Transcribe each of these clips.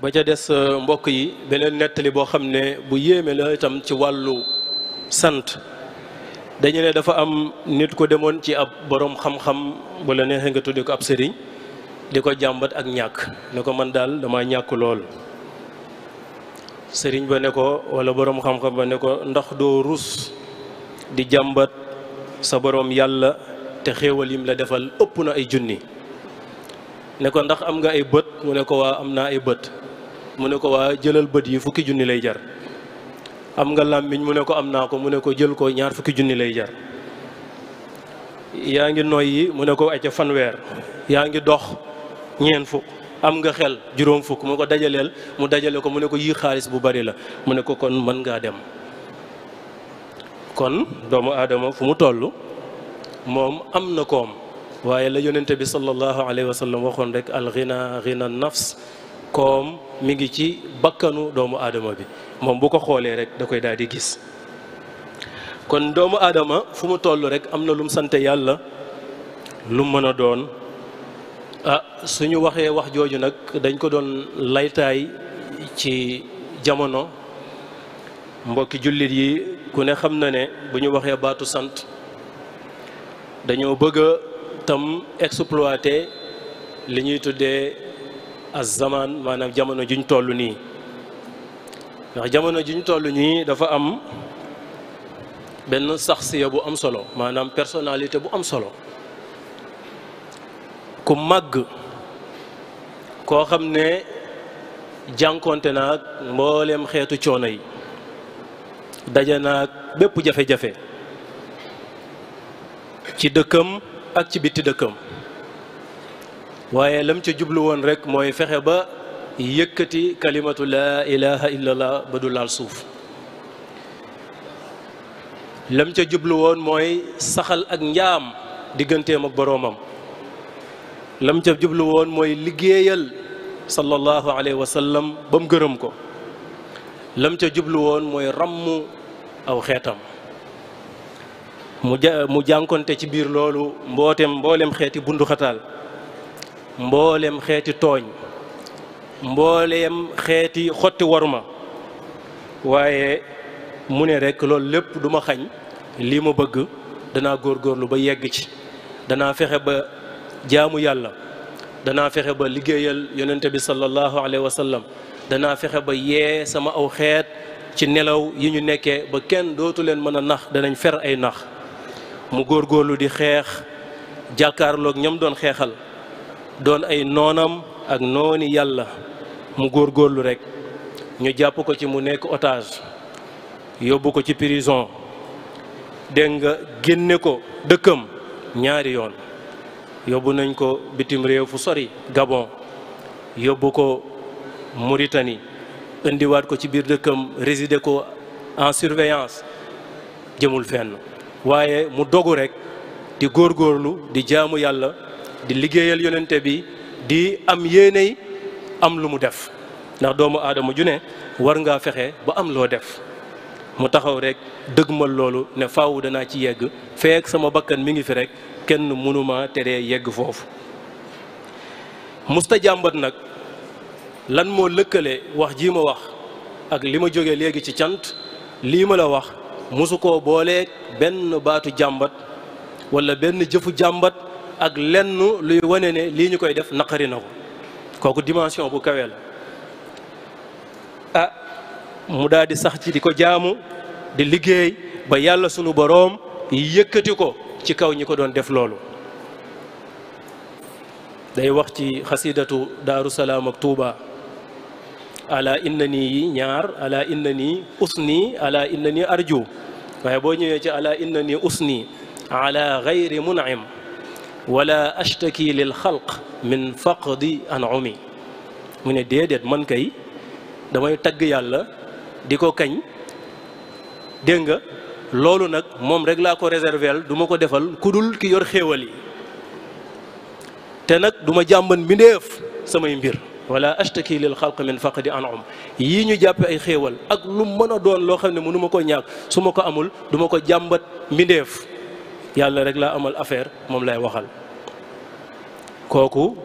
ba ca des euh, mbokk yi beneen nettali boo xam ne bu yéeme la itam ci wàllu sant dañu ne dafa am nit ko demoon ci ab boroom xam-xam bu nga tudde ko sëriñ di ko jàmbat ak ñàkk ne ko man daal dama ñàkk lool sëriñ ba ne ko wala borom xam ba ne ko ndax doo rus di jàmbat sa boroom yàlla te xéewal yim la defal ëpp na ay junni ne ko ndax am nga ay bët mu ne ko waa am naa ay bët mu ne ko waa jëlal bët yi fukki junni lay jar am nga làmmiñ mu ne ko am naa ko mu ne ko jël koo ñaar fukki junni lay jar yaa ngi noyyi mu ne ko acca fanweer yaa ngi dox ñeent fukk am nga xel juróom fukk mu ko dajaleel mu dajale ko mu ne ko yii xaalis bu bari la mu ne ko kon mën ngaa dem kon doomu aadama fu mu toll moom am na koom waaye la yonente bi sallallahu alayhi wa sallam waxoon rek al ghina ghina nafs koom mi ngi ci bakkanu doomu aadama bi moom bu ko xoolee rek da koy daal di gis kon doomu aadama fu mu toll rek am na lum sant yàlla lu mën a doon ah suñu waxee wax jooju nag dañ ko doon laytaay ci jamono mbokki jullit yi ku ne xam na ne bu ñu waxee baatu sant dañoo bëgg tam exploité li ñuy tuddee azamaan maanaam jamono juñ toll nii ndax jamono juñ toll nii dafa am benn saxsiya bu am solo maanaam personnalité bu am solo ku màgg koo xam ne jànkonte naag mbooleem xeetu coono yi daje naag bépp jafe-jafe ci dëkkam ak ci biti dëkkam waaye lam ca jublu woon rek mooy fexe ba yëkkati kalimatu laa ilaha illallah ba du laal suuf lam ca jublu woon mooy saxal ak njaam digganteem ak boroomam lam ca jublu woon mooy liggéeyal sallallahu alayhi wa sallam ba mu gërëm ko lam ca jublu woon mooy rammu aw xeetam mu ja mu jànkonte ci biir loolu mbootem mboolem xeeti bundu mboolem xeeti tooñ mbooleem xeeti xotti waruma waaye mu ne rekk loolu lépp duma xañ lii ma bëgg danaa góor góorlu ba yegg ci danaa fexe ba jaamu yàlla danaa fexe ba liggéeyal yonente bi sallallahu alayhi wa sallam danaa fexe ba yee sama aw xeet ci nelaw yi ñu nekkee ba kenn dootu leen mën a nax danañ fer ay nax mu góor góorlu di xeex jàkkaarloog ñam doon xeexal doon ay noonam ak nooni yàlla mu góor góorlu rek ñu jàpp ko ci mu nekk otage yóbbu ko ci prison dégg nga génne ko dëkkam ñaari yoon yóbbu nañ ko bitim réew fu sori Gabon yóbbu ko Mauritanie indiwaat ko ci biir dëkkam résidé ko en surveillance jëmul fenn waaye mu dogu rek di góorgóorlu di jaamu yàlla di liggéeyal yonente bi di am yéeney am lu mu def ndax doomu aadama ju ne war ngaa fexe ba am loo def mu taxaw rek dëgmal loolu ne faaw danaa ci yegg feek sama bakkan mi ngi fi rek kenn mënuma tere yegg foofu musta jàmbat nag lan moo lëkkale wax jii ma wax ak li ma jóge léegi ci cant lii ma la wax musu koo boolee benn baatu jàmbat wala benn jëfu jàmbat ak lenn luy wane ne lii ñu koy def naqari na ko kooku dimension bu kawe la ah mu daal sax ci di ko jaamu di liggéey ba yàlla sunu boroom yëkkati ko ci kaw ñi ko doon def loolu day wax ci xasidatu daaru ak tuuba ala inna nii yi ñaar ala inna nii usni ala inna nii arju waaye boo ñëwee ci ala inna nii usni ala gayri munaim wala ashtaki lil xalq min faqdi anumi mu ne déedéet man kay damay tagg yàlla di ko kañ dégg nga loolu nag moom rek laa ko réservel du ma ko defal ku dul ki yor xéewal yi te nag duma jàmbat jàmban mbindéef samay mbir wala ashtaki lil xalq min faqdi an'um yii ñu jàppe ay xéewal ak lu mën a doon loo xam ne mënu ma ko ñàkk su ma ko amul duma ko jàmbat mbindéef yàlla rek laa amal affaire moom lay waxal kooku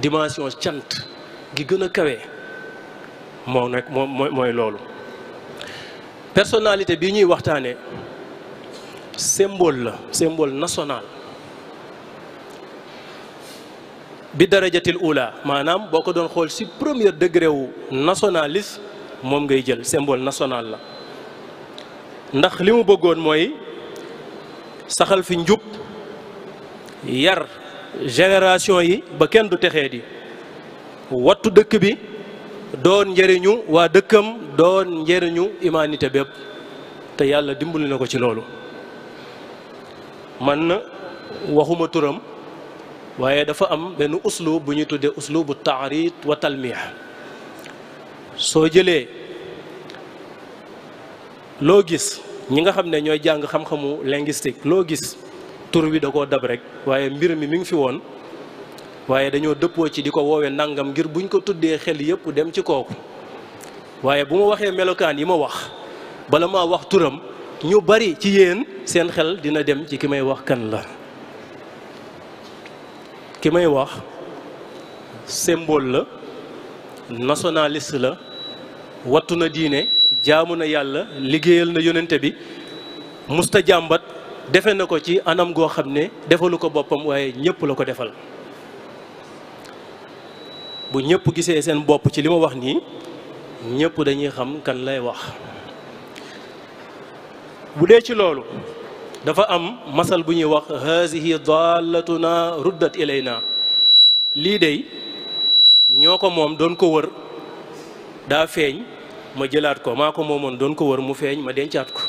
dimension cant gi gën a kawe moo nekk moom mooy mooy loolu personnalité bi ñuy waxtaanee symbol la symbol national bi darajatil ula maanaam boo ko doon xool ci premier degré wu nationaliste moom ngay jël symbole national la ndax li mu bëggoon mooy saxal fi njub yar génération yi ba kenn du texee di wattu dëkk bi doon njëriñu waa dëkkam doon njëriñu humanité bépp te yàlla dimbali na ko ci loolu man na waxuma turam waaye dafa am benn uslub bu ñuy tuddee uslubu taarit wa talmiix soo jëlee loo gis ñi nga xam ne ñooy jàng xam-xamu linguistique loo gis tur wi da koo dab rek waaye mbir mi mu ngi fi woon waaye dañoo dëppoo ci di ko woowe nangam ngir buñ ko tuddee xel yépp dem ci kooku waaye bu ma waxee melokaan yi ma wax bala ma wax turam ñu bari ci yéen seen xel dina dem ci ki may wax kan la ki may wax symbole la nationaliste la wattu na diine jaamu na yàlla liggéeyal na yonente bi musta jàmbat defe na ko ci anam goo xam ne defalu ko boppam waaye ñépp la ko defal bu ñépp gisee seen bopp ci li ma wax nii ñépp dañuy xam kan lay wax bu dee ci loolu dafa am masal bu ñuy wax haasihi na ruddat ilayna lii dey ñoo ko moom doon ko wër daa feeñ ma jëlaat ko maa ko moomoon doon ko wër mu feeñ ma dencaat ko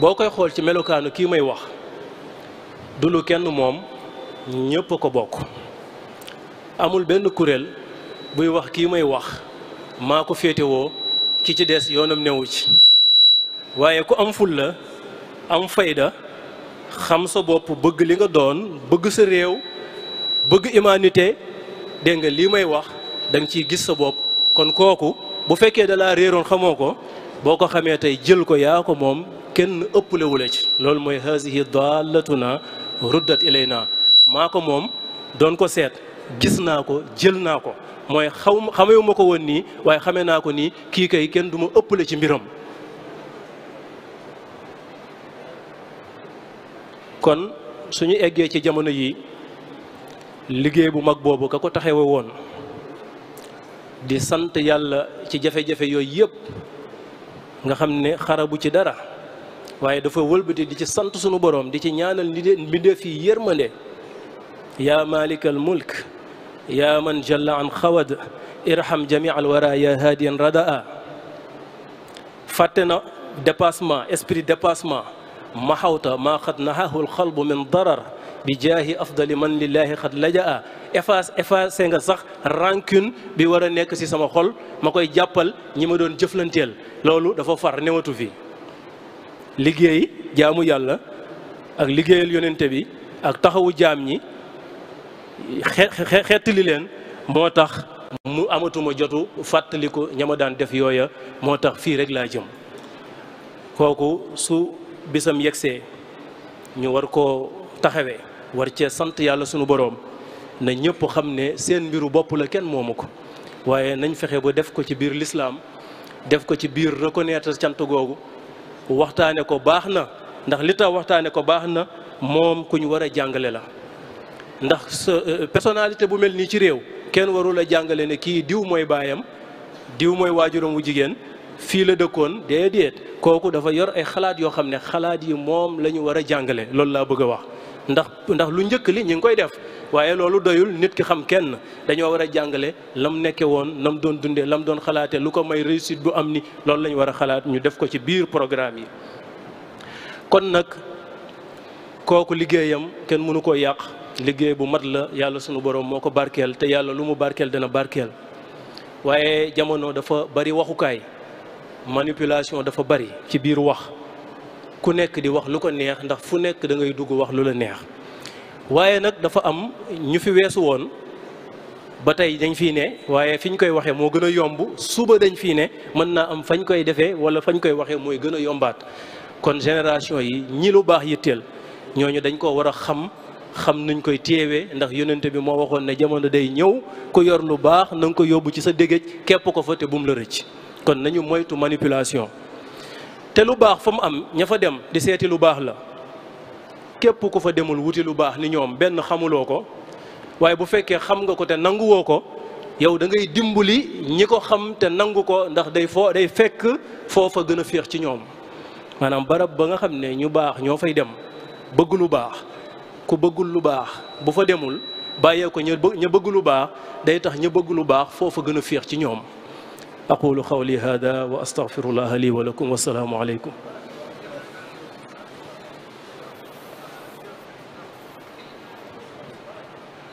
boo koy xool ci melokaanu kii may wax du lu kenn moom ñépp a ko bokk amul benn kuréel buy wax kii may wax maa ko féetewoo ki ci des yoonam newu ci waaye ku am ful la am fayda xam sa bopp bëgg li nga doon bëgg sa réew bëgg humanité dégg nga lii may wax danga ciy gis sa bopp kon kooku bu fekkee da laa réeroon xamoo ko boo ko xamee tey jël ko yaa ko moom kenn ëpplewule ci loolu mooy haasihi na ruddat ilayna maa ko moom doon ko seet gis naa ko jël naa ko mooy xaw xamewuma ko woon nii waaye xamee naa ko nii kii kay kenn duma ma ëpple ci mbiram kon suñu eggee ci jamono yi liggéey bu mag boobu ka ko taxewe woon di sant yàlla ci jafe-jafe yooyu yëpp nga xam ne xarabu ci dara waaye dafa wëlbati di ci sant sunu borom di ci ñaanal mbindeef fi yërmande yaa malikal mulk yaa man jalla an xawad irham jami al wara haadiyan radaa fàtte na dépassement esprit dépassement maxawta maa xat nahahul xalbu min darar bi jaahi afdali man lillahi xad lajaa efface efface nga sax rancune bi war a nekk ci sama xol ma koy jàppal ñi ma doon jëflanteel loolu dafa far newatu fi liggéey jaamu yàlla ak liggéeyal yonente bi ak taxawu jaam ñi xettali leen moo tax mu amatuma jotu fàttaliku ñama daan def yooya moo tax fii rek laa jëm kooku su bisam yegsee ñu war koo taxawee war cee sant yàlla sunu boroom na ñëpp xam ne seen mbiru bopp la kenn moomu ko waaye nañ fexe ba def ko ci biir lislaam def ko ci biir reconnaître cant googu waxtaane ko baax na ndax li tax waxtaane ko baax na moom ku ñu war a jàngale la ndax euh, euh, personnalité bu mel nii ci réew kenn warul a jàngale ne kii diw mooy baayam diw mooy waajuram wu jigéen fii la dëkkoon déedéet kooku dafa yor ay xalaat yoo xam ne xalaat yi moom la ñu war a jàngale loolu laa bëgg a wax ndax ndax lu njëkk li ñu ngi koy def waaye loolu doyul nit ki xam kenn dañoo war a jàngale lam nekke woon lam doon dundee lam doon xalaatee lu ko may réussite bu am ni loolu la ñu war a xalaat ñu def ko ci biir programme yi kon nag kooku liggéeyam kenn mënu koo yàq liggéey bu mat la yàlla sunu borom moo ko barkeel te yàlla lu mu barkeel dana barkeel waaye jamono dafa bari waxukaay manipulation dafa bari ci biir wax ku nekk di wax lu ko neex ndax fu nekk da ngay dugg wax lu la neex waaye nag dafa am ñu fi weesu woon ba tey dañ fii ne waaye fi ñu koy waxee moo gën a yomb suba dañ fii ne mën naa am fañ koy defee wala fañ koy waxee mooy gën a yombaat kon génération yi ñi lu baax yitteel ñooñu dañ koo war a xam xam nuñ koy téewee ndax yonente bi moo waxoon ne jamono day ñëw ku yor lu baax na ko yóbbu ci sa dégéej kepp ko fa te bum la rëcc kon nañu moytu manipulation te lu baax fa mu am ña fa dem di seeti lu baax la képp ku fa demul wuti lu baax ni ñoom benn xamuloo ko waaye bu fekkee xam nga ko te nanguwoo ko yow da ngay dimbali ñi ko xam te nangu ko ndax day foo day fekk foofa gën a féex ci ñoom maanaam barab ba nga xam ne ñu baax ñoo fay dem bëgg lu baax ku bëggul lu baax bu fa demul bàyyee ko ña bëgg lu baax day tax ña bëgg lu baax foofa gën a féex ci ñoom aqulu qawli hada wa astaghfirullaha li wa lakum wa salaamu aleykum